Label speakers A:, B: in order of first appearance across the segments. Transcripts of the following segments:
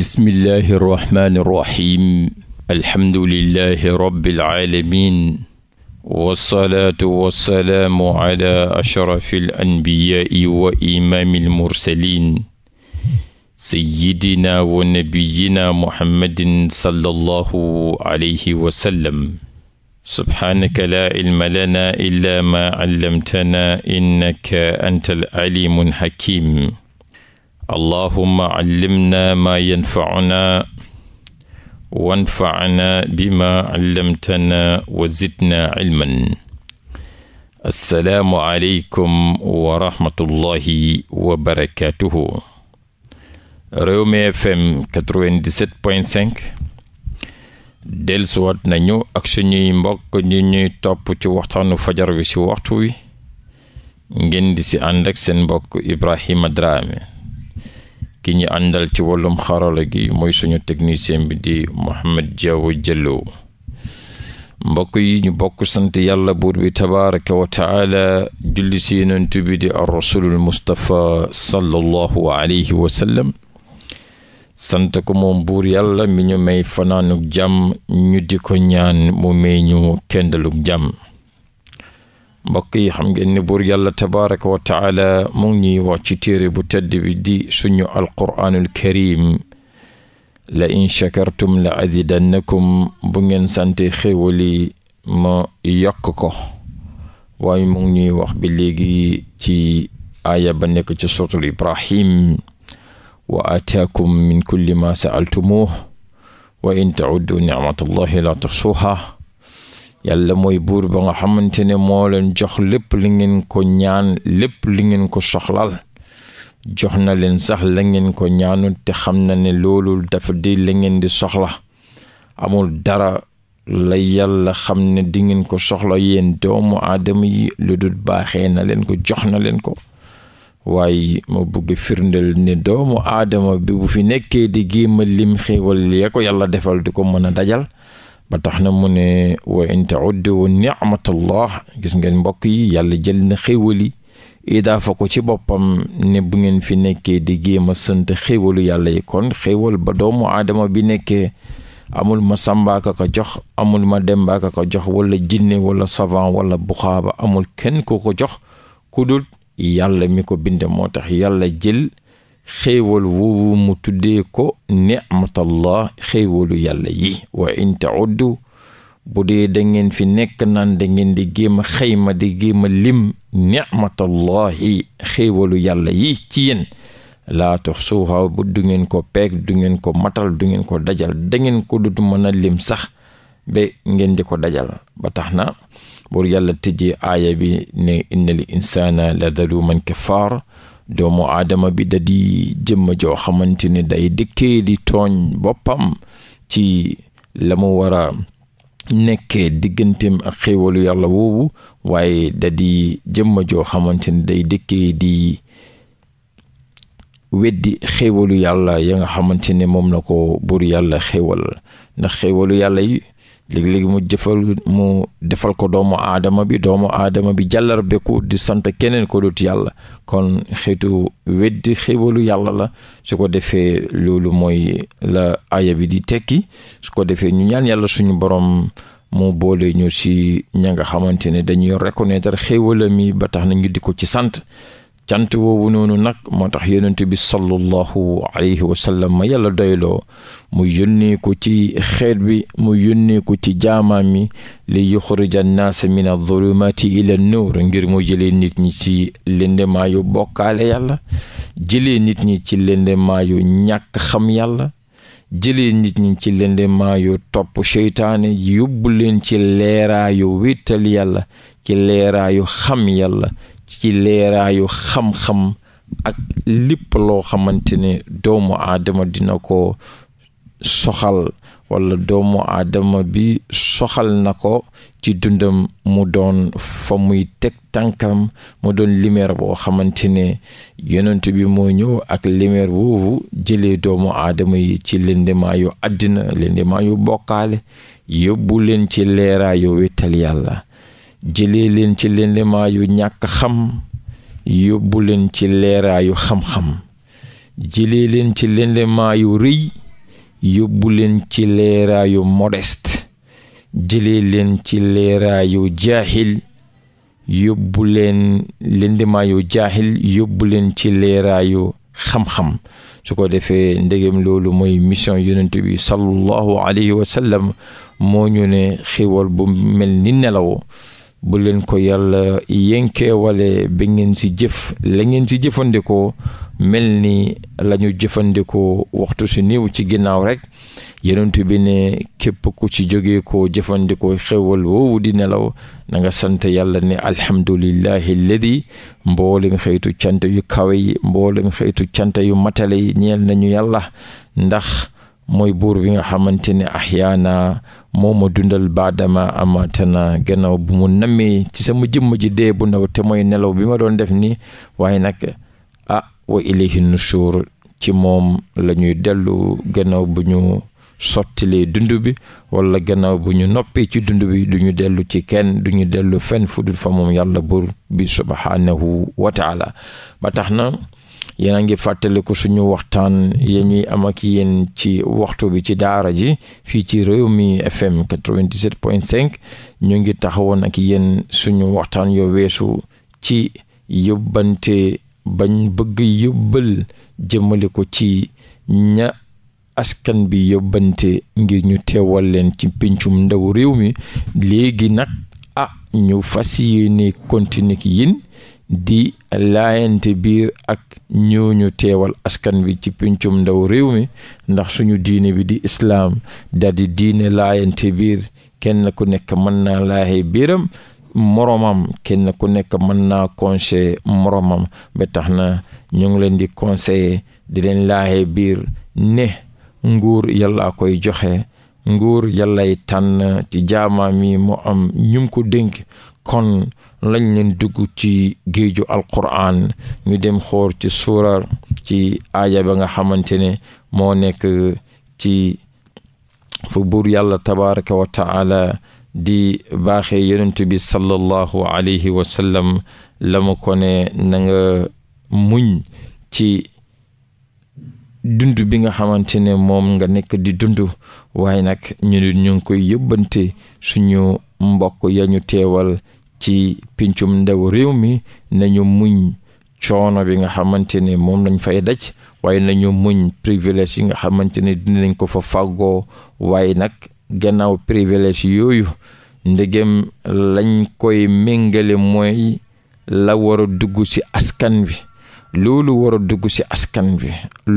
A: bismillahi irrahmani irrahim alhamdulilahi rabiilalamin walsalaatu walsalaamu ala ashrafi alanbiyaai wa imaami almursalin sayidina wa nabiyina muhammadin sallallahu alayhi wa sallam subhaanaka laa ilma lana illa ma allamtana innaka anta alalimu alhakim allahuma callimna maa yanfacunaa wanfacnaa bimaa callamtanaa wa zidnaa cilman assalaamu aleykum wa rahmatullahi wa barakaatuhu Rewmi FM 97.5 dellusiwaat nañu ak suñuy mbokk ñu ñuy topp ci waxtaanu fajar wi ci waxtu wi ngeen di si ànd ak seen mbokk Ibrahima Drame ki ñu àndal ci wàllum xarala gi mooy suñu technicien bi di Mohamed Diawo Jallo mbokk yi ñu bokk sant yàlla buur bi tabaraka wa taala julli si yonent bi di ar rasulul sallallahu alayhi wa sant ko moom buur yàlla mi may fanaanuk jàmm ñu ko ñaan mu may ñu mbokk yi xam ngeen ne buur yàlla tabaraka wa taala mu ngi ñuy wax ci téere bu tedd bi di suñu alquraanul karim la in shakartum la azidannakum bu ngeen sante xéwali ma yokk ko waaye mu ngi wax bi léegi ci aaya ba nekk ci suratul ibrahim wa ataakum min kulli ma saaltumuh wa in taudu nicmatallahi la tuxsuha yàlla mooy buur ba nga xamante ne moo leen jox lépp li ngeen ko ñaan lépp li ngeen ko soxlaal jox na leen sax la ngeen ko ñaanul te xam na ne loolu dafa di la ngeen di soxla amul dara la yàlla xam ne di ngeen ko soxla yéen doomu aadama yi lu dul baaxee na leen ko jox na leen ko waaye ma bëgg firndeel ne doomu aadama bi bu fi nekkee di gémma lim xéewal yee ko yàlla defal di ko mën a dajal ba tax na mu ne wa in tauddu nicmatallah gis ngeen mbokk yi yàlla jël na xéwali idaafa ko ci boppam ne bu ngeen fi nekkee di géem a sant xéwalu yàlla yi kon xéewal ba doomu aadama bi nekkee amul ma sàmbaaka ko jox amul ma dembaaka ko jox walla jinne wala savant wala buxaaba amul kenn ko ko jox ku yàlla mi ko bind moo tax yàlla jël xéewal woowu mu tuddee ko ni'matallah xéewalu yàlla yi wa in ta'uddu bu dee da ngeen fi nekk naan da ngeen di géem a xayma di géem a lim ni'matallahi xéewalu yàlla yi ci yéen laa tuxsuuha bu ngeen ko peeg du ngeen ko matal du ko dajal dangeen ko dut mën a lim sax ba ngeen di ko dajal ba tax na buur yàlla tëjee aaya bi ne inna li insaana la daluman kafaar doomu aadama bi da di jëmm joo xamante ne day dëkkee di tooñ boppam ci la mu war a nekkee digganteem ak xéewalu yàlla woowu waaye da di jëmm joo xamante ne day dëkkee di weddi xéewalu yàlla ya nga xamante ne moom la ko buur yàlla xéewal ndax xéewalu yàlla yi léegi-léegi mu jëfal mu defal ko doomu aadama bi doomu aadama bi jàllar beku di sant keneen ko dut yàlla kon xeetu weddi xéebalu yàlla la su ko defee loolu mooy la aaya bi di tekki su ko defee ñu ñaan yàlla suñu borom mu boole ñu si ña nga xamante ne dañuy reconnaître xéewala mi ba tax na ñu di ko ci sant cant woowu noonu nag moo tax yonent bi sallallahu alayhi wa sallam ma yàlla doyloo mu yónnee ko ci xeet bi mu yónnee ko ci jaamaam mi li yuxrija annaasa min adh-dhulumati ila an ngir mu jëlee nit ñi ci yu bokkaale yàlla jëlee nit ñi ci yu ñàkk xam yàlla jëlee nit ñi ci yu topp seytaane yóbbu leen ci leeraayu wéttal yàlla ci leeraayu xam yàlla ci leeraayu xam-xam ak lépp loo xamante ne doomu aadama dina ko soxal wala doomu aadama bi soxal na ko ci dundam mu doon fa muy teg tànkam mu doon lumière boo xamante ne yonent bi moo ñëw ak lumière boobu jële doomu aadama yi ci lëndemaa yu àddina lëndemaa yu bokkaale yóbbu leen ci leeraa yu yàlla jëlee leen ci lëndëmaayu ñàkk xam yóbbu leen ci leeraayu xam-xam jëlee leen ci lëndëmaayu rëy yóbbu leen ci leeraayu modeste jëlee leen ci leeraayu jaahil yóbbu leen lëndëmaayu jaahil yóbbuleen ci leeraayu xam-xam su ko defee ndegem loolu mooy mission yonent bi sallallahu alayhi wa moo ñu ne xéwal bu mel ni nelaw bu leen ko yàlla yénkeewale ba ngeen si jëf la ngeen si jëfandikoo mel ni la ñu jëfandikoo waxtu si niiw ci ginnaaw rek yonent bi ne képp ku ci jóge ko jëfandikoo xewal woowu di nelaw na sant yàlla ni alhamdulillahi alladi mboolem xëytu cant yu kawe yi mboolem xëytu cant yu matale yi ñeel nañu yàlla ndax mooy buur bi nga xamante ne axyaana moo ma dundal baadama amatana gannaaw bu mu nammee ci sama jëmm ji dee bu ndaw te mooy nelaw bi ma doon def nii waaye nag ah wa ilayhi nushur ci moom la ñuy dellu gannaaw bu ñu sottilee dund bi wala gannaaw bu ñu noppee ci dund bi du dellu ci kenn duñu dellu fenn fu dul fa moom yàlla buur bi subhaanahu wa taala ba tax na yéen a ngi fàttaliku suñu waxtaan ya ñuy am ak yéen ci waxtu bi ci daara ji fii ci réew mi FM 97.5 ñu ngi taxawoon ak yéen suñu waxtaan yo weesu ci yóbbante bañ bëgg yóbbal jëmale ko ci ña askan bi yóbbante ngir ñu teewal leen ci pincum ndaw réew mi léegi nag ah ñu fas yéene continuer ki yéen di laayante biir ak ñooñu teewal askan wi ci pincum ndaw réew mi ndax suñu diine bi di islaam dadi diine laayante biir kenn ku nekk mën naa laaye biiram moromam kenn ku nekk mën na conseiller moromam ba tax na ñu ngi leen di conseiller di leen laaye biir ne nguur yàllaa koy joxe nguur yàllay tànn ci jaamaam yi mu am ñum ko dénk kon lañ leen dugg ci géeju alquran ñu dem xool ci suura ci aaja ba nga xamante ne moo nekk ci fu buur yàlla tabaraka wa di baaxe yonent bi sallallahu alayhi wa sallam la mu muñ ci dund bi nga xamante ne moom nga nekk di dund waaye nag ñu ñu ngi koy yëbbante suñu mbokk ya ñu teewal ci pincum ndaw réew mi nañu muñ coono bi nga xamante ne moom lañu fay daj waaye nañu muñ privilège yi nga xamante ne dinañ ko fa fàggoo waaye nag gannaaw privilège yooyu ndegem lañ koy méngale mooy la war a dugg ci askan bi loolu war a dugg ci askan bi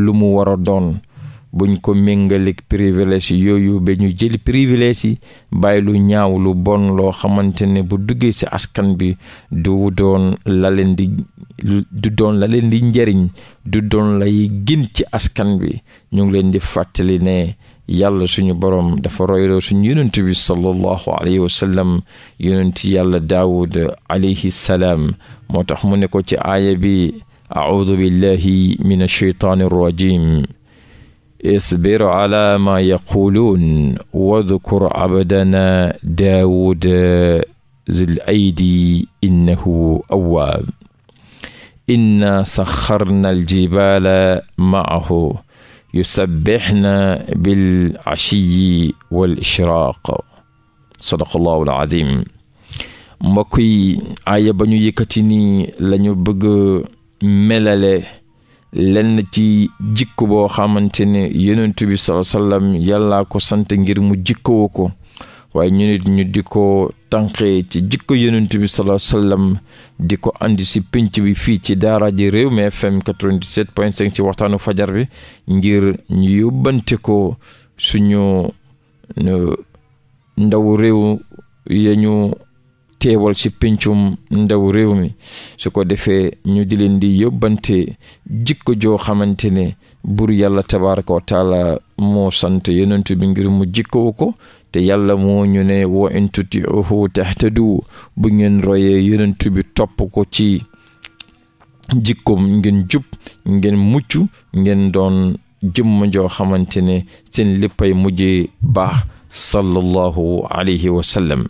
A: lu mu war a doon buñ ko méngaleeg privilège yooyu ba ñu jël privilège yi bàyyi lu ñaaw lu bon loo xamante ne bu duggee ci askan bi du doon la leen di du njariñ du doon lay gin ci askan bi ñu ngi leen di fàttali ne yàlla suñu borom dafa royloo suñu yonent bi sallallahu alayhi wa sallam yàlla daawud alayhi salaam moo tax mu ne ko ci aaya bi audu billahi min alsheytaani arrajim isbir ala maa yaquluun wadkur abdana daawud zul aydi innahu awwaab inna saxarna aljibaala maahu yusabbixna bil ashiyi wal ishraaq sadaqallahu alazim mbokk yi aaya ba ñu yëkkati ni la ñu bëgg melale lenn ci jikk boo xamante ne yonent bi sallallahu alayhi wasallam ko sant ngir mu jikkoo ko waaye ñu nit ñu di ko tànqee ci jikko yonent bi sallallahu alayhi di ko andi si pénc bi fii ci daara réew Rewmi FM 97.5 ci waxtaanu fajar bi ngir ñu yóbbante ko suñu ndaw réew yañu teewal ci pencum ndaw réew mi su ko defee ñu di leen di yóbbante jikko joo xamante ne bur yàlla tabaraka wa taala moo sant yonentu bi ngir mu jikkoo ko te yàlla moo ñu ne wa in tutiuhu tahtadu bu ngeen royee yonentu bi topp ko ci jikko ngeen jub ngeen mucc ngen doon jëmm joo xamante ne seen léppay mujjee baax sallallahu alayhi wa sallam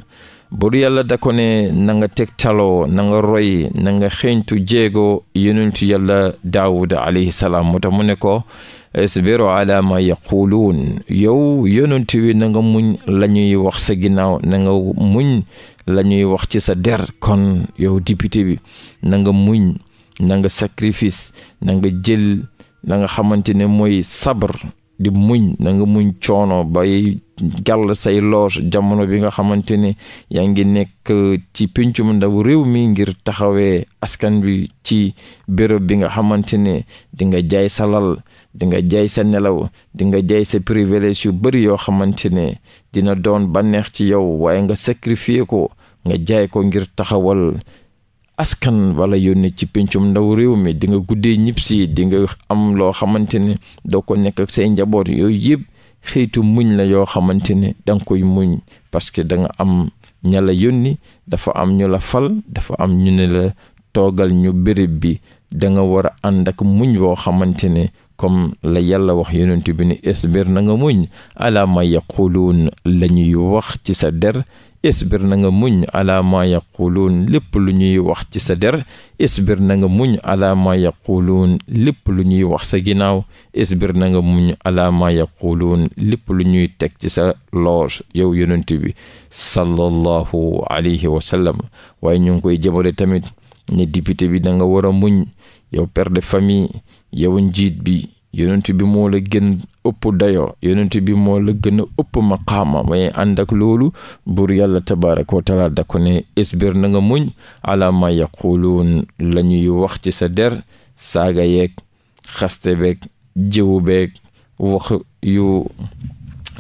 A: buur yàlla da ko ne na nga tegtaloo na nga roy na nga xeeñtu jéego yonentu yàlla daawuda alayhi salaam moo tax mu ne ko isbiru ala ma yaquluun yow yonent wi na nga muñ la ñuy wax sa ginnaaw na muñ la ñuy wax ci sa der kon yow député bi na muñ na nga sacrifice na nga jël na nga xamante ne mooy sabar di muñ nanga muñ coono bay gàll say loos jamono bi nga xamante ne yaa ngi nekk ci pencum ndaw réew mi ngir taxawee askan bi ci béréb bi nga xamante ne di nga jaay sa lal di nga jaay sa nelaw di nga jaay sa privilège yu bari yoo xamante ne dina doon bànneex ci yow waaye nga sacrifier ko nga jaay ko ngir taxawal askan wala yónne ci pencum ndaw réew mi di nga guddee ñib si di nga am loo xamante ne doo ko nekk ak say njaboot yooyu yëpp xiitu muñ la yoo xamante ne da nga koy muñ parce que da nga am ña la yónni dafa am ñu la fal dafa am ñu ne la toogal ñu béréb bi da nga war a ànd ak muñ boo xamante ne comme la yàlla wax yonent bi ne isbir na nga muñ ala ma yaquluun la ñuy wax ci sa der isbir na nga muñ ala ma yaquluun lépp lu ñuy wax ci sa der isbir na nga muñ ala ma yaquluun lépp lu ñuy wax sa ginnaaw isbir na nga muñ ala ma yaquluun lépp lu ñuy teg ci sa loos yow yonent bi sallallahu alayhi wa sallam waaye ñu ngi koy jëmale tamit ne député bi da nga war a muñ yow père de famille yow njiit bi yonent bi moo la ëpp dayoo yonent bi moo la gën a ëpp maqaama may ànd ak loolu buur yàlla tabaaraka wa taala da ko ne isbir na nga muñ ala ma yaquluun wax ci sa der saaga yeeg xaste beeg jiwu beeg wax yu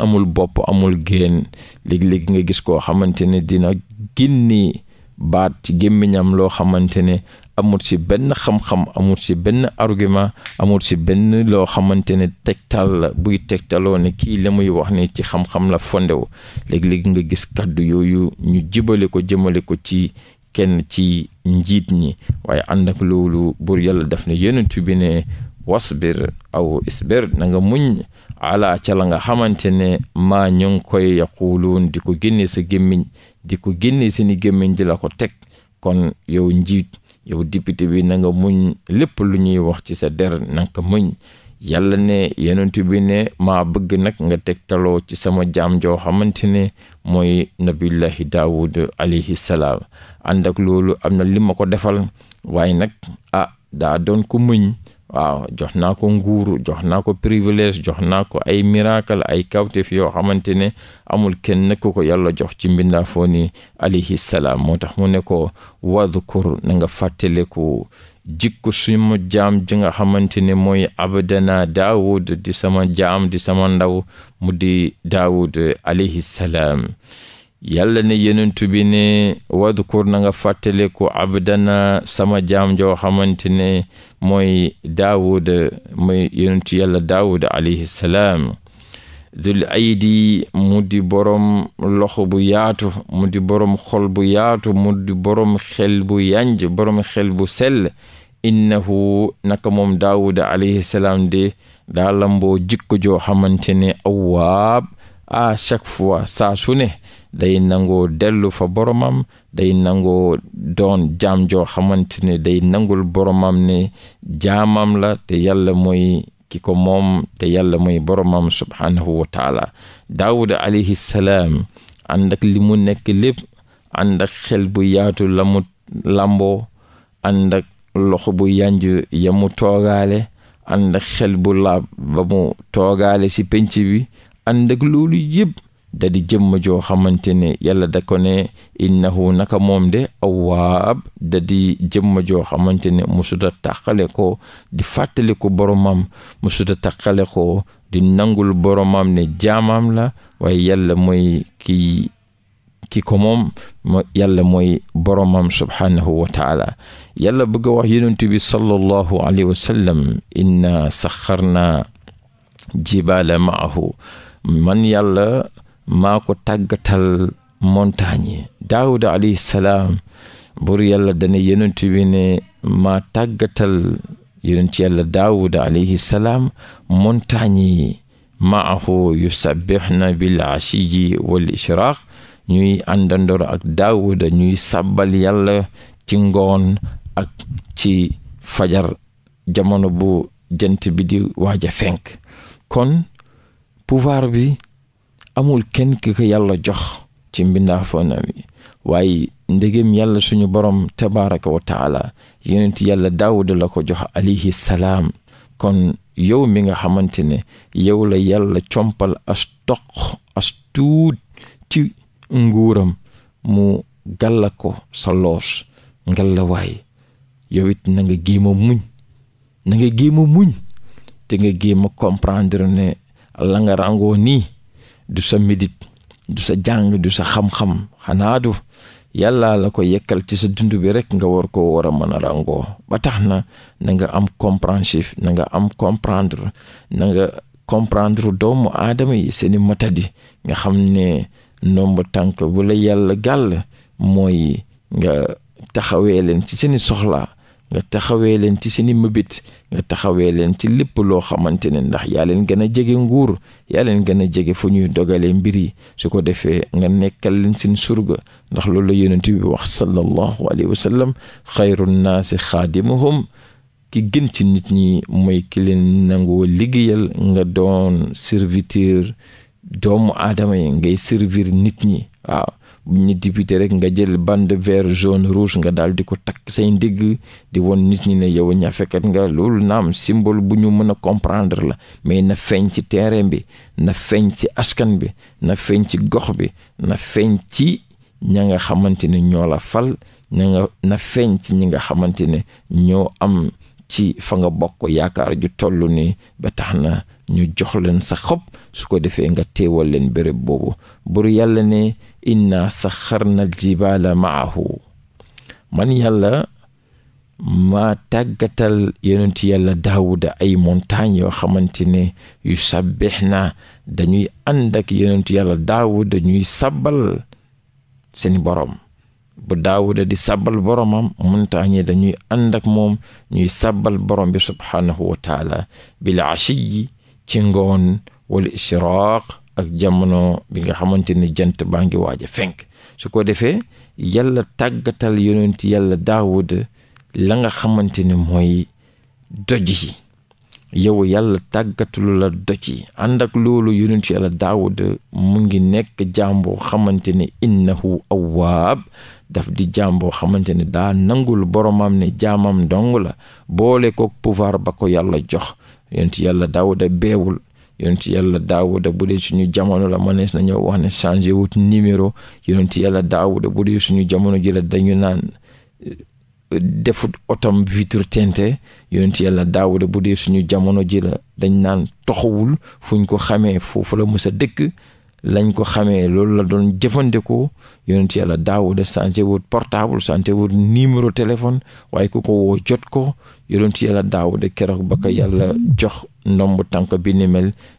A: amul bopp amul génn léegi léeg nga gis koo xamante ne dina génni baat ci gémmiñam loo xamante ne amul ci benn xam-xam amul ci benn argument amul ci benn loo xamante ne tegtal la buy tegtaloo ne kii la muy wax ni ci xam-xam la fondew léegi-léegi nga gis kàddu yooyu ñu jibale ko jëmale ko ci kenn ci njiit ñi waaye ànd ak loolu buur yàlla daf ne yonent bi ne wasbir aw isbir na nga muñ ala ca la nga xamante ne maa ñu ngi koy yaquluun di ko génnee sa gémmiñ di ko génnee seeni gémmiñ di la ko teg kon yow njiit yow député bi nanga nga muñ lépp lu ñuy wax ci sa der na mëñ yàlla ne yonent bi ne maa bëgg nag nga tegtaloo ci sama jaam joo xamante ne mooy nabillahi daawud alayhi salaam ànd ak loolu am na li ma ko defal waaye nag ah daa doon ko muñ waaw jox naa ko nguur jox naa ko privilège jox naa ko ay miracle ay kawteef yoo xamante ne amul kenn ku ko yàlla jox ci mbindaafoo ni alayhi salaam moo tax mu ne ko wadkur na nga fàttaliku jikko suma jaam ji nga xamante ne mooy abdana daawud di sama jaam di sama ndaw mu di daawud alayhi yàlla ne yenentu bi ne wadkur na nga fàttaliku abdana sama jaam joo xamante ne mooy daawuda mooy yenentu yàlla daawuda alayhi salaam dul aydi mu borom loxo bu yaatu mu borom xol bu yaatu mu borom xel bu yanj borom xel bu sell innahu naka moom daawuda alayhi salaam de daa lamboo jikko joo xamante ne awaab à chaque fois saa su ne day nangoo dellu fa boromam day nangoo doon jam joo xamante ne day nangul boromam ne jamam la te yàlla mooy ki ko moom te yàlla mooy boromam subhaanahu wa taala daawuda alayhi salaam li mu nekk lépp ànd xel bu yaatu la mu làmboo loxo bu yanj ya mu toogaale xel bu laab ba mu toogaale ci penc bi ànd ak loolu yëpp da di joo xamante ne yàlla da ko ne innahu naka moom de awaab da di jëmm joo xamante ne musuda tàqale ko di fàttali ko boromam musuda tàqale ko di nangul boromam ne jaamam la waaye yàlla mooy ki ko moom yàlla mooy boromam subhaanahu wa taala yàlla bëgg a wax yonent bi sallallahu alayhi wa sallam inna saxarna jibaala maahu man yàlla maa ko tàggatal montagne yi daawuda alayhi salaam yàlla dana yenentu bi ne maa tàggatal yenentu yàlla daawuda alayhi salaam montagne yi maahu yusabbihna bil ashiyi wal ishraq ñuy àndandoor ak daawuda ñuy sàbbal yàlla ci ngoon ak ci fajar jamono bu jant bi di waaj a fenk pouvoir bi amul kenn ki ko yàlla jox ci mbindaafoonam yi waaye ndegem yàlla suñu borom tabaraka wa taala yàlla daawuda la ko jox alayhi salaam kon yow mi nga xamante ne yow la yàlla compal as toq ci nguuram mu gàlla ko sa loos ngalla waay yow it na nga géem muñ na nga géem muñ te nga géem a comprendre ne la nga ràngoo nii du sa midit du sa jàng du sa xam-xam xanaa du yàlla la ko yekkal ci sa dund bi rek nga war ko war a mën a ràngoo ba tax na na nga am compréhensif na nga am comprendre na nga comprendre doomu aadama yi seeni matadi nga xam ne ndomb tànk bu la yàlla gàll mooy nga taxawee leen ci seeni soxlaa nga taxawee leen ci seeni mëbit nga taxawee leen ci lépp loo xamante ne ndax yaa leen gën a jege nguur yaa leen gën a jege fu ñuy dogalee mbir yi su ko defee nga nekkal leen seen surga ndax loolu la yonent bi wax sallallahu alayhi wa sallam xayru nnaasi xaadimuhum ki gën ci nit ñi mooy ki leen nangoo liggéeyal nga doon serviteur doomu aadama yi ngay servir nit ñi waaw bu ñu député rek nga jël bande vert jaune rouge nga daal di ko takk say ndigg di won nit ñi ne yow ñaa ñaafekat nga loolu naam symbole bu ñu mën a comprendre la mais na feeñ ci terrain bi na feeñ ci askan bi na feeñ ci gox bi na feeñ ci ña nga xamante ne ñoo la fal ña nga na feeñ ci ñi nga xamante ne ñoo am ci fa nga bokk yaakaar ju toll ni ba tax na ñu jox leen sa xob su ko defee nga teewal leen bërëb boobu bur yàlla ne inna saxarna jibaala maahu man yàlla ma tàggatal yonent yàlla daawuda ay montagne yoo xamante ne yu sabbix na dañuy ànd ak yonent yàlla daawuda ñuy sabbal seen borom bu daawuda di sabbal boromam muntax ñi dañuy ànd ak moom ñuy sabbal borom bi subhaanahu wa taala ci ngoon walla ishraq ak jamono bi nga xamante ne jant baa ngi waaj a fenk su ko defee yàlla tàggatal yonent yàlla daawuda la nga xamante ne mooy doj yow yàlla tàggatalu la doj yi ak loolu yonentu yàlla daawuda mu ngi nekk jaam boo xamante ne innahu awaab daf di jaam boo xamante ne daa nangul boromam ne jaamam dong la boole kook pouvoir ba ko yàlla jox yonent yàlla daawuda beewul yonent yàlla daawuda bu dee suñu jamono la mënees nañoo wax ne changé wut numéro yonent yàlla daawuda bu dee suñu jamono ji la dañu naan euh, defut otom vitre teintée yonent yàlla daawuda bu dee suñu jamono ji la dañ naan toxawul fuñ ko xamee foofu la mës dëkk lañ ko xamee loolu la doon jëfandikoo yonent yàlla daawuda sante wut portable sante wut numéro téléphone waaye ku ko woo jot ko yonent yàlla daawuda keroog ba yàlla jox ndomb tànk bi ni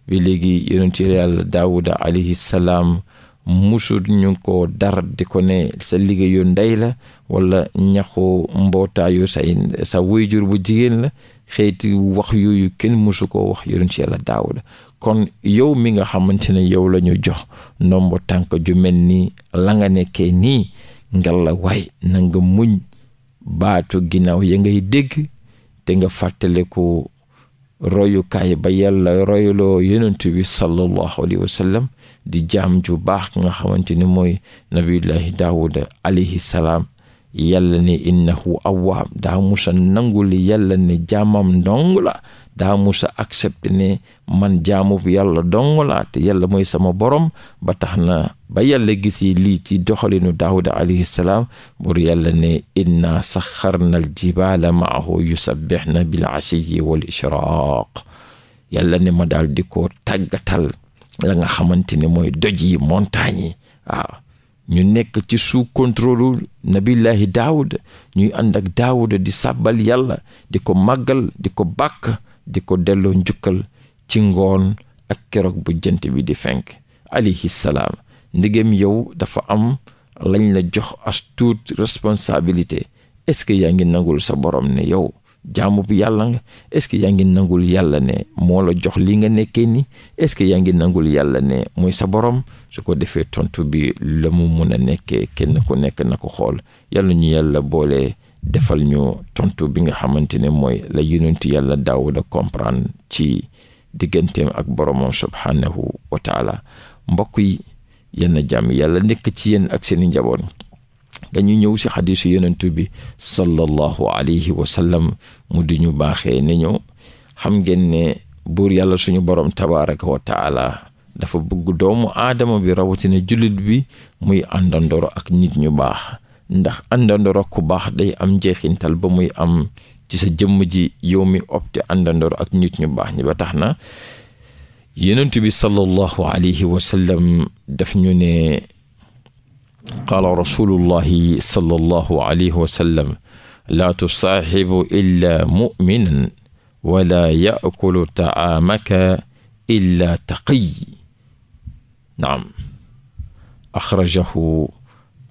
A: bi léegi yonent yàlla daawuda alayhi salaam musut ñu ko dara di ko ne sa liggéeyu ndey la wala ñaxu mbootaayu say sa wayjur bu jigéen la xeeti wax yooyu kenn musu koo wax yonent yàlla daawuda kon yow mi nga xamante ne yow la ñu jox ndombo tànk ju mel nii la nga nekkee nii ngalla waay na nga muñ baatu ginnaaw ya ngay dégg te nga fàttaliku royukaay ba yàlla royuloo yonent bi sallallahu alayhi wa di jaam ju baax nga xamante ni mooy nabiyullahi daawuda alayhi salaam yàlla ne innahu awaab daa musa nangu nangul yàlla ne jaamam ndong la daa musa accepté ne man jaamu yàlla dong te yàlla mooy sama borom ba tax na ba yàlla gisi lii ci doxalinu daawuda alayhi salaam bur yàlla ne inna saxarna al jibaala maahu yusabbixna bil ashiyi wal ishraq yàlla ne ma daal di ko tàggatal la nga xamante ne mooy doj yi montagne yi ñu nekk ci sous contrôle nabillahi daawuda ñuy ànd ak daawuda di sàbbal yàlla di ko màggal di ko bàkk di ko delloo njukkal ci ngoon ak keroog bu jant bi di fenk alayhi salaam ndegem yow dafa am lañ la jox as tuut responsabilité est-ce que yaa ngi nangul sa borom ne yow jaamu bu yàlla nga est-ce que yaa ngi nangul yàlla ne moo la jox li nga nekkee ni est-ce que yaa ngi nangul yàlla ne mooy sa borom su ko defee tontu bi la mu mun a nekkee kenn ku nekk na ko xool yàlla ñu yàlla boole. defal ñu tontu bi nga xamante ne mooy la yonentu yàlla Daawuda comprendre ci digganteem ak boromam subhaanahu wa mbokk yi yenn jàmm yàlla nekk ci yenn ak seeni njaboot dañu ñëw si xadiisu yonentu bi sallallahu alayhi wa sallam mu di ñu baaxe ne ñu xam ngeen ne buur yàlla suñu borom tabaaraka wa dafa bëgg doomu aadama bi rawatina jullit bi muy àndandoor ak nit ñu baax ndax àndandoro ku baax day am jeexintal ba muy am ci sa jëmm ji yow mi ak nit ñu baax ñi ba tax na yenentu bi sallallahu alayhi wa daf ñu ne qaala rasulullahi sallallahu alayhi wa sallam laa tusaaxibu illa muminan wala yakulu taamaka illa taqiy naam axrajahu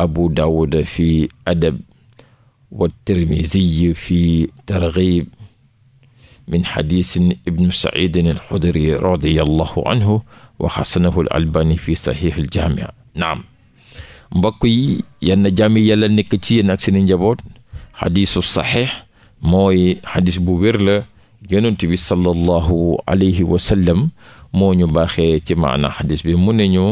A: abu daawuda fi adab wa fi targhib min xadisin ibnu saidin alxudri radiallahu anhu wa xasanahu fi saxiix aljaamia naam mbokk yi yenn jaami yàlla nekk ci yéen ak seen njaboot xadisu saxiix mooy xadis bu wér la yonent bi sallallahu alayhi wa ñu baaxee ci maana xadis bi mu ne ñu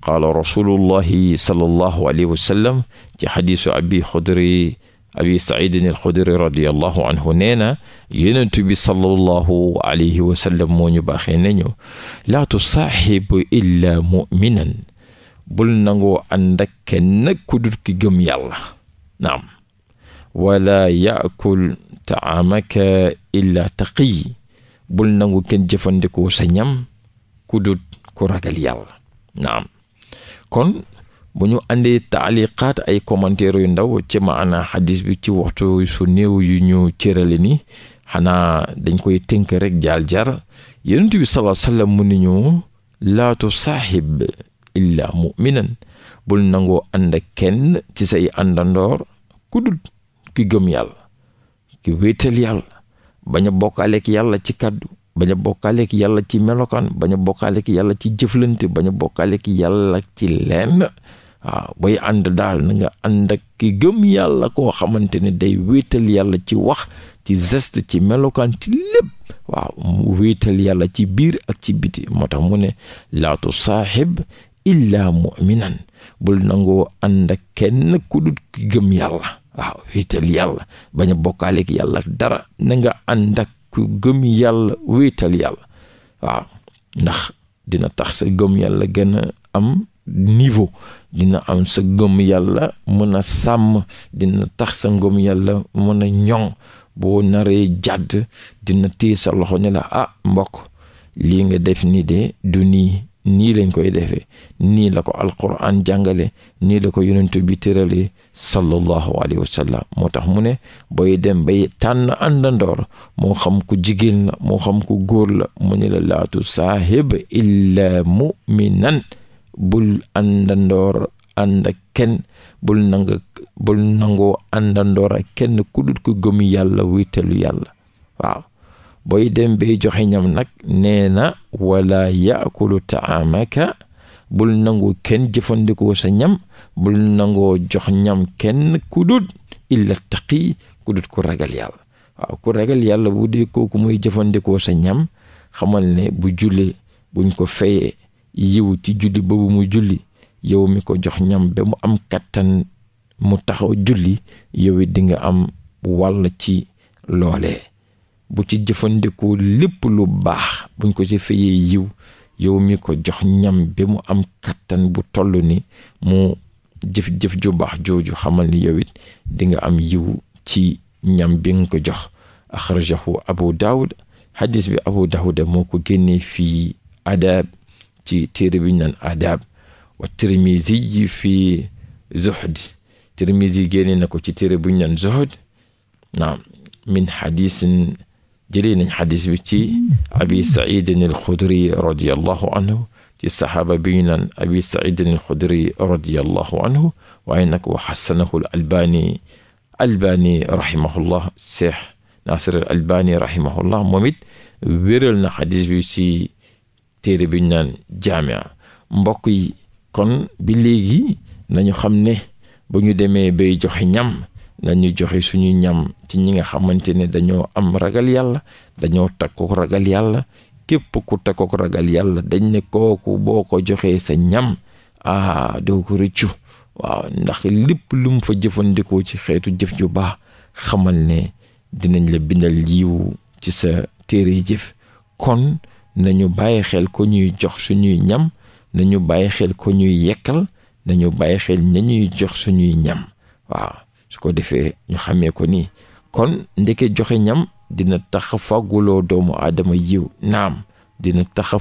A: qaala rasulullahi sallallahu alayhi wa sallam ci xadiisu abi xudri abi saidin alxudri radiallahu anhu nee na yenentu bi sallallahu alayhi wa sallam moo ñu baaxee nañu laa tusaaxib illa muminan bul nangoo ànd ak kenn ku dul ki gëm yàlla naam wala yaakul taamaka illa taqiy bul nangu kenn jëfandikoo sa ñam ku dul ku ragal yàlla naam kon bu ñu àndee taaliqaat ay commentaire yu ndaw ci maana xadis bi ci waxtu su néew yu ñu cërale ni xanaa dañ koy tënk rek jaar jar yonent bi salaa sallam laatu ni illaa muminan bul nangoo ànd kenn ci say àndandoor ku dul ki gëm yàlla ki wéetal yàlla bañ bokkaaleek yàlla ci kàddu bañ a bokkaale yàlla ci melokaan bañ a bokkaale yàlla ci jëflante bañ a bokkaale ak yàlla ci lenn waaw bay ànd daal nanga nga ànd ak ki gëm yàlla koo xamante ne day wéetal yàlla ci wax ci geste ci melokaan ci lépp waaw wéetal yàlla ci biir ak ci biti moo tax mu ne laatu saaxib illaa muminan bul ku dut ki gëm yàlla dara na ànd ak ku gëm yàlla wéetal yàlla waaw ndax dina tax sa gëm yàlla gën a am niveau dina am sa gëm yàlla mën a sàmm dina tax sa ngëm yàlla mën a ñoŋ boo naree jàdd dina téye sa loxo ne la ah mbokk lii nga def nii de du nii nii lañ koy defee nii la ko alquran jàngale nii la ko yonent bi tëralee sallallahu alayhi wa moo tax mu ne booy dem bay tànn àndandoor moo xam ku jigéen la moo xam ku góor la mu ne la laatu saahib illa muminan bul àndandoor ànd kenn bul nangoo àndandoor ak kenn ku dul ko gëm yàlla wéetalu yàlla waaw booy dem bay joxe ñam nag nee na wala yaakulu taamaka bul nangoo kenn jëfandikoo sa ñam bul nangoo jox ñam kenn ku dut illa taqi ku dut ku ragal yàlla ku ragal yàlla wu dee kooku muy jëfandikoo sa ñam xamal ne bu julli buñ ko fayee yiw ci julli boobu mu julli yow mi ko jox ñam ba mu am kattan mu taxaw julli yow dinga am wàll ci loolee bu ci jëfandikoo lépp lu baax buñ ko ci fayee yiw yow mi ko jox ñam bi mu am kattan bu toll ni mu jëf-jëf ju baax jooju xamal ni yowit dinga am yiw ci ñam bi nga ko jox axrajahu abu daawud hadis bi abu daawuda moo ko génnee fii adaab ci téere bi ñu naan adaab wa tirmisi yi fii zuhd tirmisi génnee na ko ci téere bu ñu naan zuhd naam min hadisin jëlee nañ xadis bi ci abi saidin alxudri radiallahu anhu ci saxaaba bi ñu naan abi saidin alxudri radiallahu anhu waaye nag wa xasanahu albani albani rahimahullah cheikh nasir al albani rahimahullah moom it wéral na xadis bi ci téere bi ñu naan jaamia mbokk yi kon bi léegi nañu xam ne bu ñu demee bay joxe ñam nañu joxe suñu ñam ci ñi nga xamante ne dañoo am ragal yàlla dañoo takkook ragal yàlla képp ku takkook ragal yàlla dañ ne kooku boo ko joxee sa ñam ah doo ko rëccu waaw ndax lépp lu fa jëfandikoo ci xeetu jëf ju baax xamal ne dinañ la bindal yiw ci sa téere jëf kon nañu bàyyi xel ko ñuy jox suñuy ñam nañu bàyyi xel ko ñuy yekkal nañu bàyyi xel nañuy jox suñuy ñam waaw su ko defee ñu xamee ko nii kon ndeke joxe ñam dina tax a doomu adama yiw naam dina tax a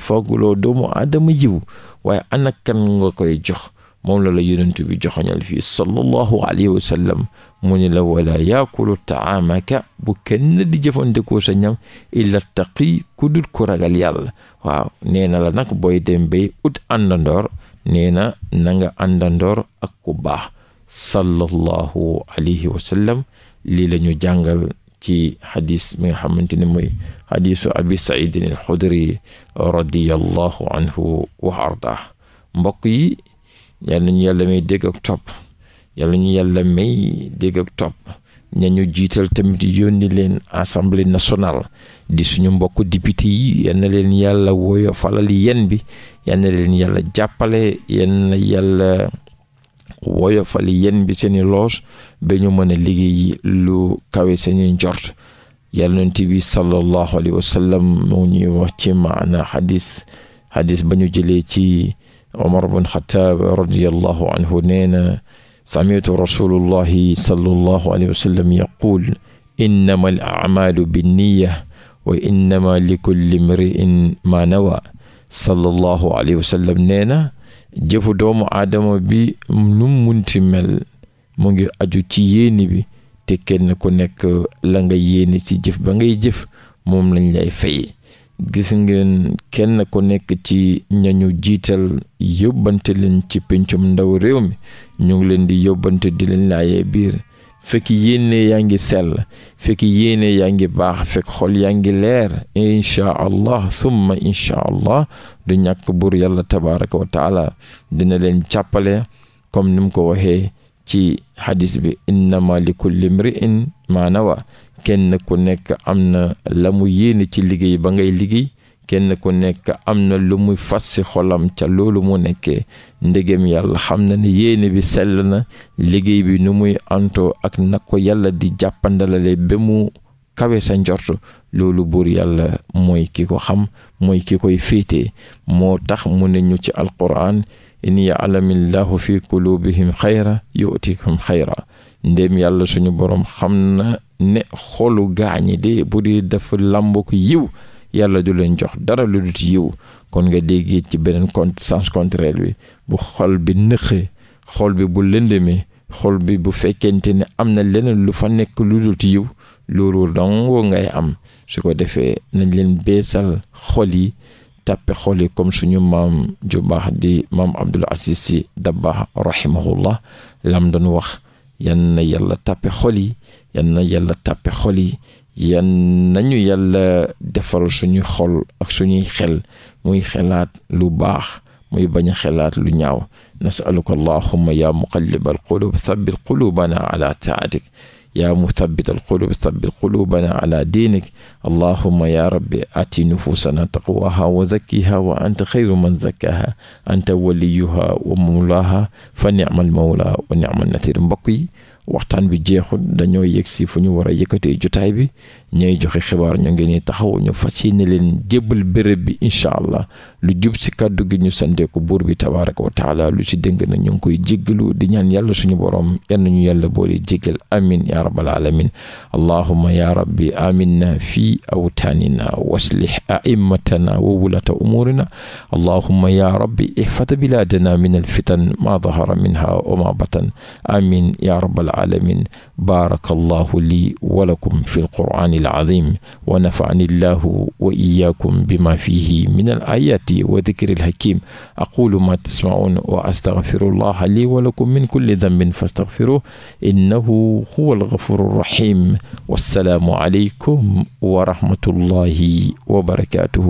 A: doomu aadama yiw waaye ana kan nga koy jox moom la la yonent bi joxoñal fii sallallahu alayhi wa sallam mu ni la wala yaakulu taamaka bu kenn di jëfandikoo sa ñam illa taqi ku dul ku ragal yàlla waaw nee na la nag booy dem bay ut àndandoor nee na na nga àndandoor ak ku baax sallallahu alayhi wa sallam lii la jàngal ci xadis bi nga xamante ne mooy xadisu abi saidin al xudri anhu wa ardah mbokk yi yal nañu yàlla may dégg ak topp yal nañu yàlla may dégg ak topp ñu jiital tamit yónni leen assemblée nationale di suñu mbokk député yi yal na leen yàlla wooyo falal yen bi yal na leen yàlla jàppale yal na yàlla woyofal yen bi seeni loos ba ñu mën a liggéey lu kawe seeni njort yonent bi sallallahu alayhi wa sallam mu ñuy wax ci maana xadis xadis ba ñu jëlee ci Omar bun Xataab radiyallahu anhu nee na samitu rasulullahi sallallahu alayhi wa sallam yaqul innama al acmaalu binniya wa innama likulli mri'in ma nawa sallallahu alayhi wa sallam nee na jëfu doomu aadama bi nu munti mel mu ngi aju ci yéene bi te kenn ku nekk la nga yéene ci jëf ba ngay jëf moom lañ lay fay gis ngeen kenn ku nekk ci ñañu jiital yóbbante leen ci pincum ndaw réew mi ñu ngi leen di yóbbante di leen laayee biir fekk yéene yaa ngi sell fekk yéene yaa ngi baax fekk xol yaa ngi leer inchaa summa inchaa du ñàkk buur yàlla tabaraka wa dina leen càppale comme ni ko waxee ci xadis bi innama li kulli mri'in maa nawa kenn ku nekk am na lamu mu ci liggéey ba ngay liggéey kenn ko nekk am na lu muy fas ci xolam ca loolu mu nekkee ndegem yàlla xam na ne yéene bi sell na liggéey bi nu muy antoo ak na ko yàlla di jàppandalale ba mu kawe sa njort loolu buur yàlla mooy ki ko xam mooy ki koy féetee moo tax mu ne ñu ci alquran in ya'lamillahu fi qulubihim xayra yu'tikum xayra ndéem yàlla suñu boroom xam na ne xolu yi de bu dee dafa làmb ko yiw yàlla du leen jox dara lu dut yiw kon nga dégg ci beneen contre sens contraire bi bu xol bi nëxe xol bi bu lëndëmee xol bi bu fekkente ne am na leneen lu fa nekk lu dut yiw loolu dongoo ngay am su ko defee nañ leen beesal xol yi tàppe xol yi comme suñu maam jubaax di maam Abdul Aziz Sy Dabakh rahimahullah lam doon wax yan na yàlla tàppe xol yi yan na yàlla tàppe xol yi yan nañu yàlla defal suñu xol ak suñuy xel muy xelaat lu baax muy bañ a xelaat lu ñaaw nasaluka allahuma yaa muqallibal qulub thabbit qulubana ala taatik yaa muthabital qulub thabbit qulubana ala diinik allahuma ya rabbi ati nufusana taqwaha wa zakkiha wa anta xayru man zakkaha anta waliyuha wa mawlaha fa nicmal mawla wa nicmal nasir mbokk yi waxtaan bi jeexul dañoo yegg si fu ñu war a yëkkatee jotaay bi ñooy joxe xibaar ñoo ngi ni taxaw ñu fas yéene leen jébbal béréb bi incha allah lu jub si kàddu gi ñu sandeeku buur bi tabaaraka wa lu si dëng na ñu ngi koy jéggalu di ñaan yàlla suñu borom yal ñu yàlla boole jéggal amin ya rabbal alamin allahumma ya rabbi aminna fi awtaanina waslih aimmatana wa wulata umuurina allahumma ya rabbi ihfad bilaadana min alfitan ma dahara minha wa ma batan alamin baarakallahu lii walakum fi alqur'ani alazim wa nafa'ani llahu wa iyaakum bima fihi min al ayati wa dikri alhakim aqulu ma tasma'un wa astaghfirullaha lii walakum min kulli dhanbin fastaghfiruhu innahu huwa alghafuru rahim wassalaamu alaykum wa rahmatullahi wa barakatuhu